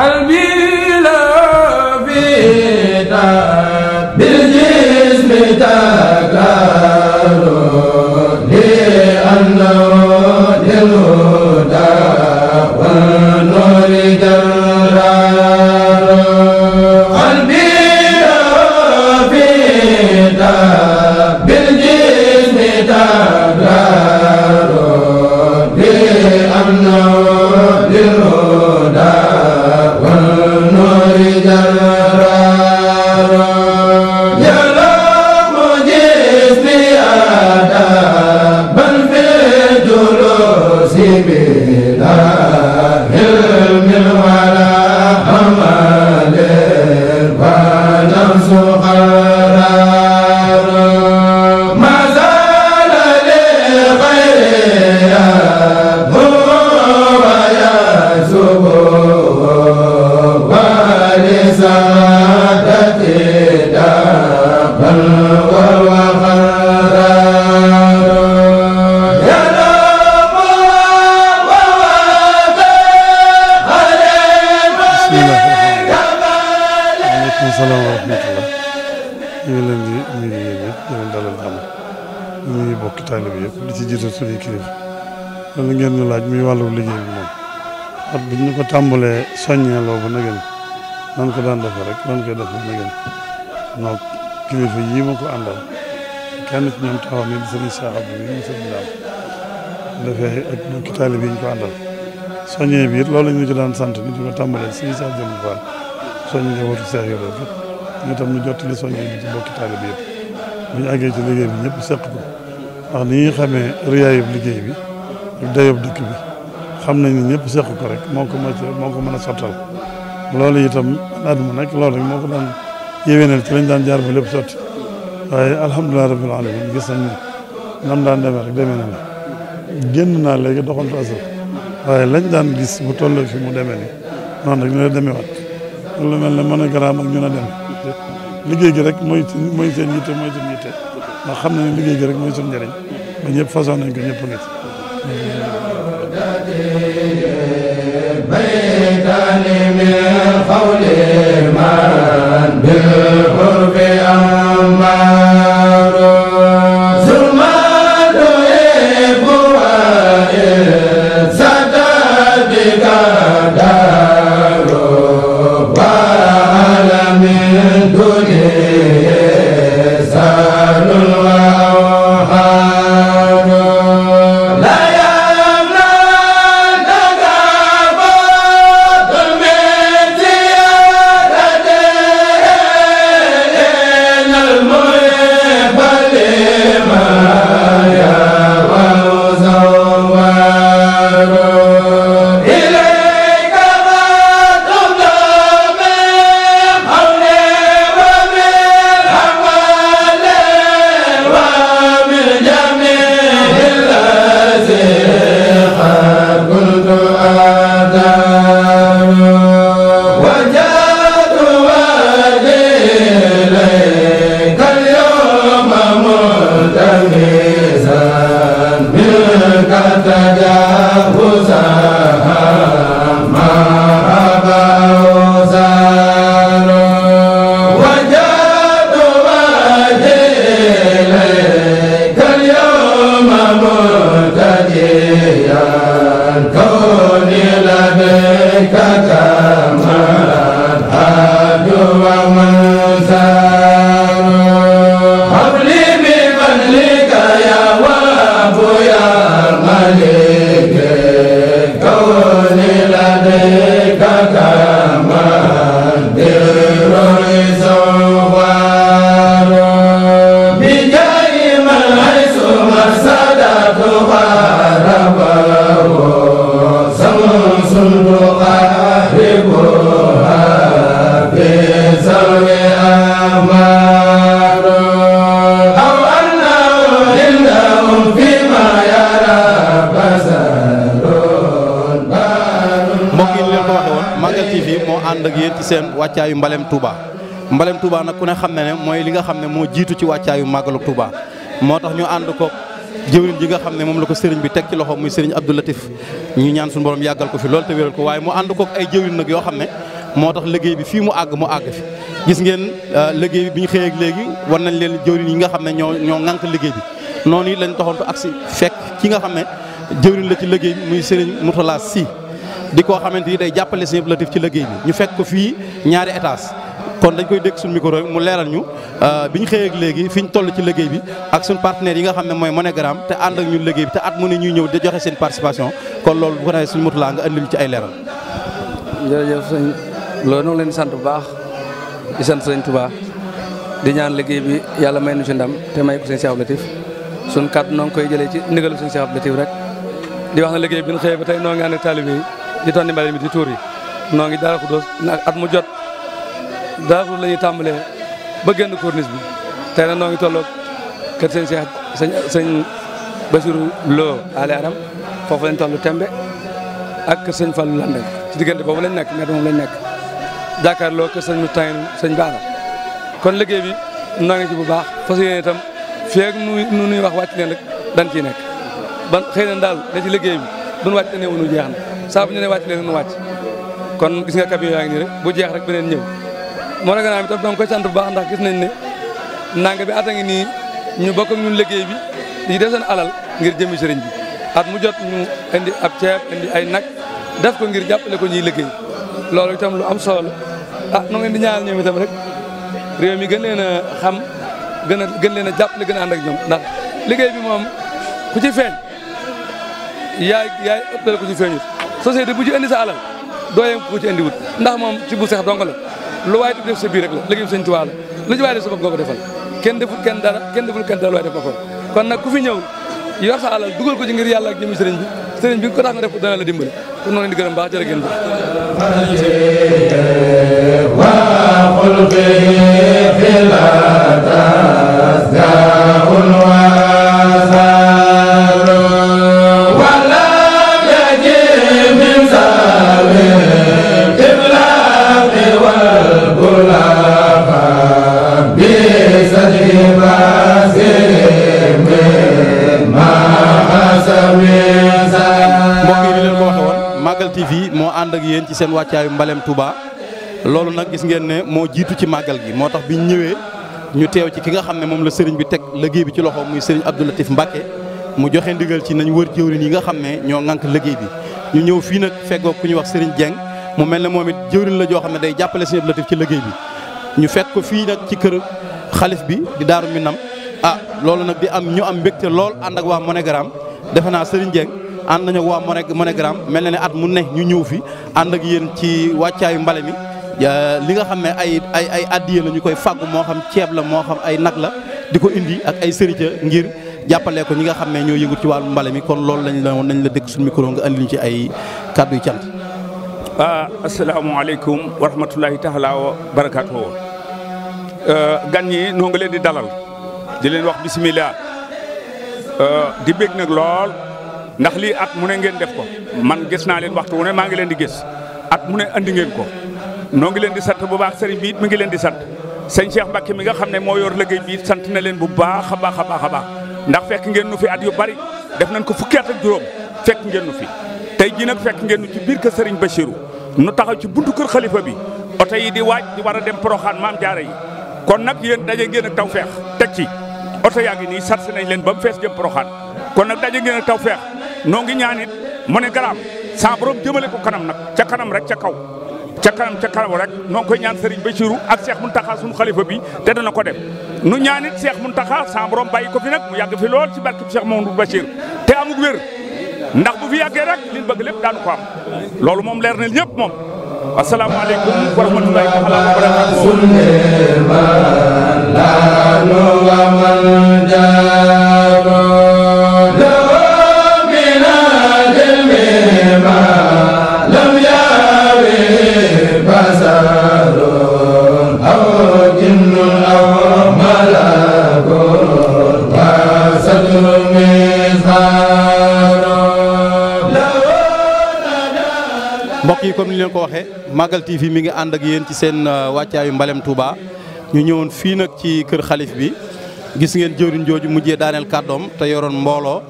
قلبي li ngeen ñu laaj muy wàllu liggéey bi moom at bi ñu ko tàmbalee soññeeloo ba nageen nan ko daan defe rek nan koy defe nageen noo kilifa ma ko àndal kenn ci ñoom taxaw ni di sëriñ saaxa bi yi sëriñ daal dafee ko àndal soññee bi it loolu ñu ci daan sant ni di ko tàmbalee sëriñ saa jëm faal soññ njabootu seex yi loolu ñu tam ñu jottali soññee bi ci bokki taalibe yëpp bu ñu àggee ci liggéey bi ñëpp seq ko ndax ni ñuy xamee liggéey bi ak dayob dëkk bi xam nañ ni ñëpp seq ko rek moo ko moo ko mën a sottal loolu itam at mu nekk loolu rek moo ko daan yéwénal ci lañ daan jaar ba lépp sotti waaye alhamdulilah rabbil alamin gis nañ ni nam daan demee rek demee na la génn naa léegi doxantu asaf waaye lañ daan gis bu tolloo fi mu demee ni noonu rek ni la demee wat lu mel ne mën a garaam ak ñun a dem liggéey gi rek mooy mooy seen yitte mooy seen yitte ndax xam na ne liggéey rek mooy seen njëriñ ba ñëpp façon ñëpp ngi ci بيتان من moo ànd ak yéen seen wàccaayu mbalem Touba mbalem Touba nag ku ne xam ne ne mooy li nga xam ne moo jiitu ci wàccaayu màggalu Touba moo tax ñu ànd ko jëwriñ ji nga xam ne moom la ko sëriñ bi teg ci loxo muy sëriñ Abdou Latif ñu ñaan suñu borom yàggal ko fi loolu te ko waaye mu ànd kook ay jëwriñ nag yoo xam ne moo tax liggéey bi fii mu àgg mu àgg fi gis ngeen euh, liggéey bi ñu xëyee ak léegi war nañ leen jëwriñ yi nga xam ne ñoo ñoo ŋànk liggéey bi noonu it lañ taxoon ko aksi fekk ki nga xam ne jëwriñ la ci liggéey bi muy sëriñ Moutala Si di ko xamante ni day jàppale Sëñ Abdou Latif ci liggéey bi ñu fekk ko fii ñaari étage kon dañ koy dégg suñu micro mu leeral ñu euh, bi ñu xëyee léegi fi ñu toll ci liggéey bi ak suñu partenaires yi nga xam ne mooy MoneyGram te ànd ak ñun liggéey bi te at mu ne ñuy ñëw di joxe seen participation kon loolu bu ko defee suñu motulaa nga andil ci ay leeral. jërëjëf sëñ loolu nag leen sant bu baax di sant sëñ Touba di ñaan liggéey bi yàlla may nu ci ndam te may ko sëñ Cheikh Abdou Latif koy jëlee ci ndigalu sëñ Cheikh Abdou Latif rek wax na liggéey bi ñu xëyee tey noo ngi ànd di tonni mbalit mi di tuur yi noo ngi Daaru Xudoos nag at mu jot Daaru Xudoos la ñuy tàmbalee ba génn corniche bi tey nag noo ngi tolloog kër sëñ Cheikh sëñ sëñ Bassirou Lo ale aram foofu lañ toll tembe ak kër sëñ Fallou Lambe ci diggante boobu lañ nekk ñett moom lañ nekk jàkkaarloo kër sëñ Moutaïn sëñ Baara kon liggéey bi noo ci bu baax fas yéene itam fii ak nu nuy wax wàcc leen rek dañ ciy nekk ban xëy na daal da ci liggéey bi duñ wàcc te néew nu jeex na saa bu ñu ne wàcc leen nu wàcc kon gis nga camion yaa ngi nii rek bu jeex rek beneen ñëw moo na ganaam itam danga koy sant bu baax ndax gis nañ ne nanga bi at a ngi nii ñu bokk ñun liggéey bi di def seen alal ngir jëmi sëriñ bi at mu jot ñu indi ab ceeb indi ay nag def ko ngir jàppale ko ñuy liggéey loolu itam lu am solo ah nu ngeen di ñaanal ñoom itam rek réew mi gën leen xam gën a gën leen a jàppale gën a ànd ak ñoom ndax liggéey bi moom ku ci feeñ yaay yaay ëppale ku ci feeñut société bu ci indi sa alal dooyem ko ci wut ndax moom ci bu seex dong la lu waay def sa biir rek la léegi sëñ Tuubaa la lu ci waay def sa bopp nga ko kenn deful kenn dara kenn deful kenn dara lu kon na ku fi ñëw yor sa alal dugal ko ci ngir yàlla ak jëmi sëriñ bi sëriñ bi ko tax def ko dana la dimbali pour noonu di gërëm baax jërë ngeen TV moo ànd ak yéen ci seen wàccaayu Mbalem Touba loolu nag gis ngeen ne moo jiitu ci màggal gi moo tax bi biñ ñëwee ñu teew ci ki nga xam ne moom la sëriñ bi teg liggéey bi ci loxo muy sëriñ Abdou Latif Mbacke mu joxe ndigal ci nañ wër jëwriñ yi nga xam ne ñoo ŋànk liggéey bi ñu ñëw fii nag feggoog ku ñuy wax sëriñ Dieng mu mel ne moom it jëwriñ la joo xam ne day jàppale sëriñ Abdou Latif ci liggéey bi ñu fekk ko fii nag ci kër xalif bi di Daaru Minam a ah, loolu nag di am ñu am mbégte lool ànd ak waa ànd nañu waa Moné Monégram mel na ne at mu ne ñu ñëw fi ànd ak yéen ci wàccaayu mbale mi li nga xam ne ay ay ay addiye la ñu koy fàggu moo xam ceeb la moo xam ay nag la di ko indi ak ay sërita ngir jàppale ko ñi nga xam ne ñoo yëngu ci wàllu mbale mi kon loolu lañ la woon nañ la dëkk suñu micro nga andi ñu ci ay kàddu cant. ah asalaamaaleykum wa rahmatulahi taala wa barakaatu. Euh, gan ñi noo nga leen di dalal di leen wax bisimilah euh, di bég nag lool. ndax lii at mu ne ngeen def ko man gis naa leen waxtu wu ne maa ngi leen di gis at mu ne andi ngeen ko noo ngi leen di sant bu baax sëriñ bi it mi ngi leen di sant sëñ Cheikh Mbacke mi nga xam ne moo yor liggéey bii it sant na leen bu baax a a baax a baax ndax fekk ngeen nu fi at yu bari def nañ ko fukki at ak juróom fekk ngeen nu fi tey jii nag fekk ngeen nu ci biir kër sëriñ Bachirou nu taxaw ci buntu kër xalifa bi oto yi di waaj di war a dem Porokhane maam jaara kon nag yéen daje ngeen ak tawfeex teg ci oto yaa ngi nii sarse nañ leen ba mu fees jëm Porokhane kon nag daje ngeen ak tawfeex noo ngi ñaan it mu ne garaam sa borom jëmale ko kanam nag ca kanam rek ca kaw ca kanam ca kanam rek noo ngi koy ñaan Serigne Bassirou ak Cheikh Mountakha sunu xalifa bi te na ko def nu ñaan it Cheikh Mountakha sa borom bàyyi ko fi nag mu yàgg fi lool ci barke Cheikh Mamadou Bachir te amuk wér ndax bu fi yàggee rek liñ bëgg lépp daanu ko am loolu moom leer na ñëpp moom asalaamaaleykum wa rahmatulahi taala wa barakatuh comme ni leen ko waxee Magal TV mi ngi ànd ak yéen ci seen euh, wàccaayu Mbalem Touba ñu ñëwoon fii nag ci kër xalif bi gis ngeen jëwriñ jooju mujjee daaneel kàddoom te yoroon mbooloo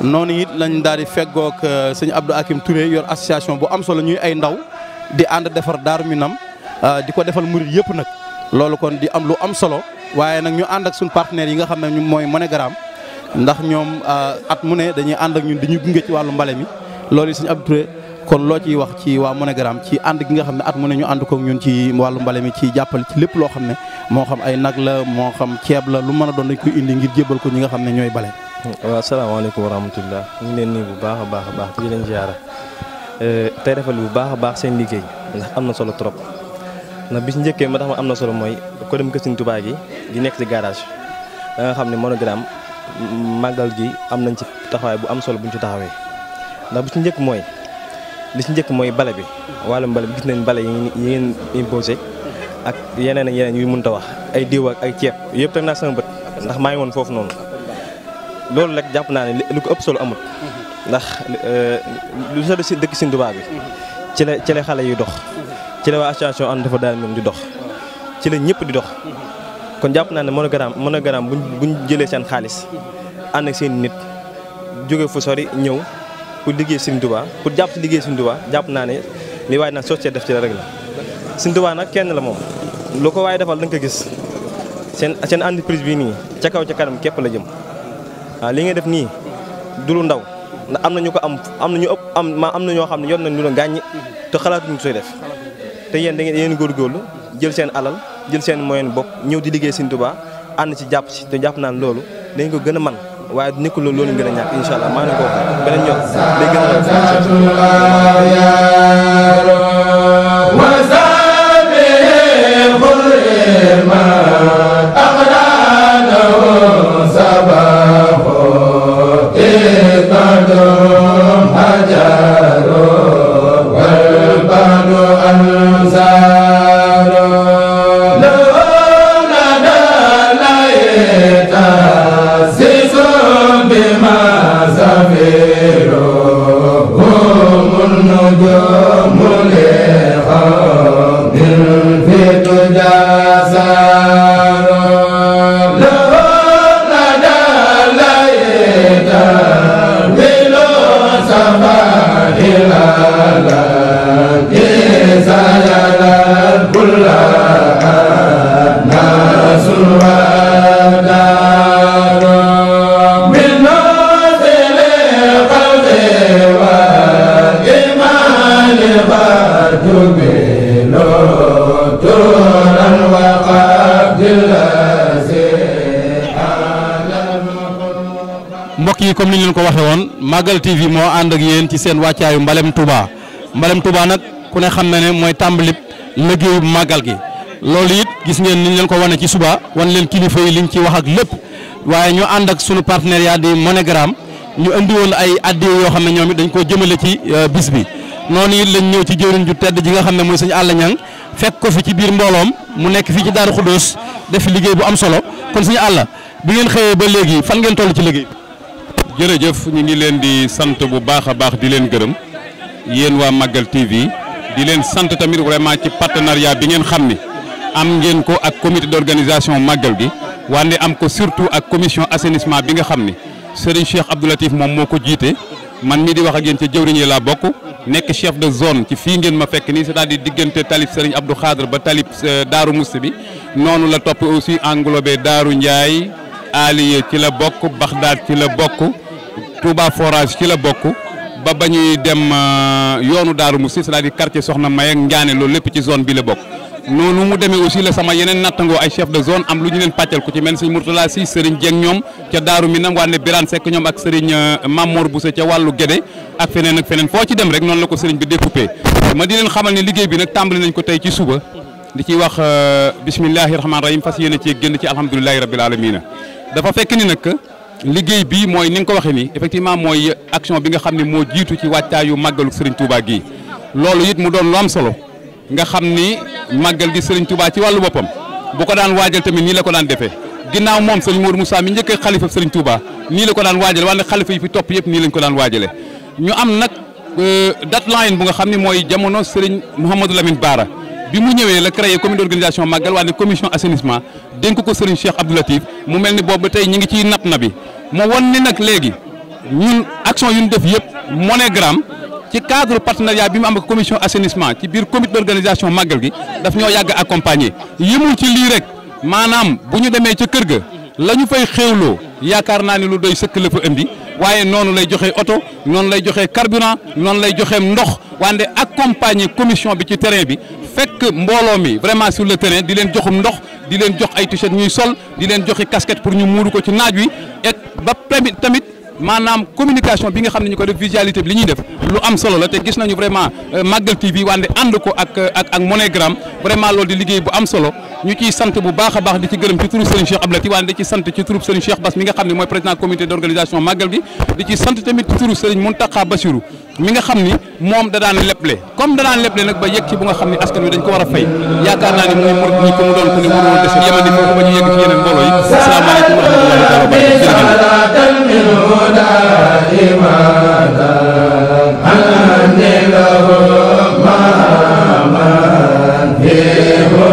noonu it lañ daal di feggoog euh, sëñ Abdou Akim Touré yor association bu am solo ñuy ay ndaw di ànd defar Daaru Minam euh, di ko defal murit yëpp nag. loolu kon di am lu am solo waaye nag ñu ànd ak suñu partenaires yi nga xam ne mooy MoneyGram ndax ñoom at mu ne dañuy ànd ak ñun di ñu gunge ci wàllu mbale mi loolu kon loo ciy wax ci waa MONEGRAM ci ànd gi nga xam ne at mu ne ñu ànd kook ñun ci wàllu mbale mi ci jàppale ci lépp loo xam ne moo xam ay nag la moo xam ceeb la lu mën a doon dañ koy indi ngir jébal ko ñi nga xam ne ñooy bale. waaw salaamaaleykum wa rahmatullah ñu ngi leen nii bu baax a baax a baax di leen ziara eh, tey rafetlu bu baax a baax seen liggéey ndax am na solo trop ndax bis njëkkee ma tax ma am na solo mooy ko dem kër Sëñ Tuubaa gi di nekk ci garage da nga xam ne MONEGRAM màggal gi am nañ ci taxawaay bu am solo buñ ci taxawee ndax bis njëkk mooy li si njëkk mooy bale bi wàllum bale bi gis nañ bale yi ngeen imposé ak yeneen ak yeneen yu mënta wax ay diw ak ay ceeb yëpp teg naa sama bët ndax maa ngi woon foofu noonu loolu rek jàpp naa ne lu ko ëpp solo amut ndax eh, lu sa si dëkk Sëñ Tuubaa bi ci la ci la xale yu dox ci la waa association ànd dafa daal moom di dox ci la ñëpp di dox kon jàpp naa ne monogramme monogramme buñ buñ jëlee seen xaalis ànd ak seen nit jóge fu sori ñëw ku liggéey Sëriñ Tuubaa jàpp si liggéey Sëriñ Tuubaa jàpp naa ne li waaye naan société def ci la rek la Sëriñ Tuubaa nag kenn la moom lu ko waaye defal da ko gis seen seen entreprise bi nii ca kaw ca kanam képp la jëm waaw li nga def nii du lu ndaw ndax am na ñu ko am am na ñu ëpp am ma am na ñoo xam ne yor nañ ñu la gàññi te xalaatuñu sooy def te yéen da ngeen yéen góorgóorlu jël seen alal jël seen moyen bopp ñëw di liggéey Sëriñ Tuubaa ànd ci jàpp ci te jàpp naan loolu dañ waaye nekkul loolu loolu gën a ñàkk incha allah maa ngi ko beneen yoon day gën a mbokk yi comme ni ñu leen ko waxee woon Magal TV moo ànd ak yéen ci seen wàccaayu Mbalem Touba Mbalem Touba nag ku ne xam na ne mooy tàmbalib liggéeyu màggal gi loolu it gis ngeen ni ñu leen ko wane ci suba wan leen kilifa yi ñu ci wax ak lépp waaye ñoo ànd ak sunu partenariat di Monogram ñu indi woon ay addi yoo xam ne ñoom it dañ koo jëmale ci euh, bis bi noonu it lañ ñëw ci jëriñ ju tedd ji nga xam ne mooy sëñ Alla Ñang fekk ko fi ci biir mbooloom nekk def liguey bu am solo kon suñu Allah bu ngeen xeye ba legui fan ngeen tollu ci liguey jere jeuf ñi ngi leen di sante bu baaxa baax di leen gërëm yéen wa Magal TV di leen sante tamit vraiment ci partenariat bi ngeen xamni am ngeen ko ak comité d'organisation Magal bi wane am ko surtout ak commission assainissement bi nga xamni Serigne Cheikh Abdou Latif mom moko jité man mi di wax ak yéen ci jeuwriñi la bokk nek chef de zone ci fi ngeen ma fekk ni c'est-à-dire digente talib Serigne Abdou khadir ba talib daru Musti bi noonu la topp aussi englobé Daaru Ndiaye Aliye ci la bokk Baxdaad ci la bokk Touba Forage ci la bokk ba ba ñuy dem euh, yoonu Daaru Moussi c'est-à-dire quartier Soxna May ak Ndiané loolu lépp ci zone bi la bokk noonu mu demee aussi la sama yeneen nattangoo ay chef de zone am lu ñu leen pàccal ku ci mel sëñ Mourtala Si Serigne Dieng ñoom ca Daaru Minam wàllu Birane Seck ñoom ak Serigne euh, bu se ca wàllu Guédé ak feneen ak feneen foo ci dem rek noonu la ko Serigne bi découpé ma di leen xamal liggéey bi nag tàmbali nañ ko tey ci suba. di ci wax bismillahi rahmaani rahim fas yéene cee génn ci alhamdulilahi rabil alamina dafa fekk ni nag liggéey bi mooy ni nga ko waxee nii effectivement mooy action bi nga xam ne moo jiitu ci wàccaayu màggalu Serigne Touba gii loolu it mu doon lu nga xamni magal màggal gi Serigne Touba ci walu bopam bu ko daan wadjal tamit ni la ko daan defé ginnaaw mom Serigne mourou Moussa mi njëkk khalifa Serigne Touba ni la ko daan wadjal wala khalifa yi fi top yëpp ni lañ ko daan wadjalé ñu am nag deadline bu nga xamni moy jamono Serigne Mouhamadou Lamine Bara bi mu ñëwee la créé comité d'organisation màggal waa ne commission assainissement dénk ko Serigne Cheikh Abdou Latif mu mel ni boobu tey ñu ngi ciy napp na bi mu won ni nag léegi ñun action yu ñu def yëpp MoneyGram ci cadre partenariat bi mu am ak commission assainissement ci biir comité d'organisation màggal gi daf ñoo yàgg accompagner yëmul ci lii rek maanaam bu ñu demee ca kër ga lañu fay xéewloo yaakaar naa ne lu doy sëkk la fa indi waaye noonu lay joxe oto noonu lay joxe carburant noonu lay joxe ndox wande accompagner commission bi ci terrain bi fekk mbooloo mi vraiment sur le terrain di leen joxum ndox di leen jox ay t ñuy sol di leen joxe casquette pour ñu muuru ko ci naaj et ba tamit communication bi nga xam ne ñu visualité bi li ñuy am solo la te vraiment euh, Magal TV wande ànd ko ak ak vraiment loolu di bu am solo ñu ciy sant bu baax baax di ci gërëm ci turu Serigne Cheikh Abdoulaye Tidiane di ci sant ci turu Serigne Cheikh Bass mi nga xam ne président comité d'organisation màggal bi di ci sant tamit ci turu Serigne Mountakha Bassirou mi nga xam ni da daan leble comme da daan leble nag ba yegg bu nga xam askan wi dañ ko war fay yaakaar naa ne muy murit ñi ko mu doon ku ne mënul des yemandi foofu ba ñu yegg ci yeneen mbooloo yi asalaamaaleykum wa rahmatullahi wa barakatuh jërëjëf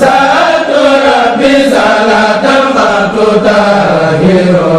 Saatu rabbi salaatan ma tutahhiru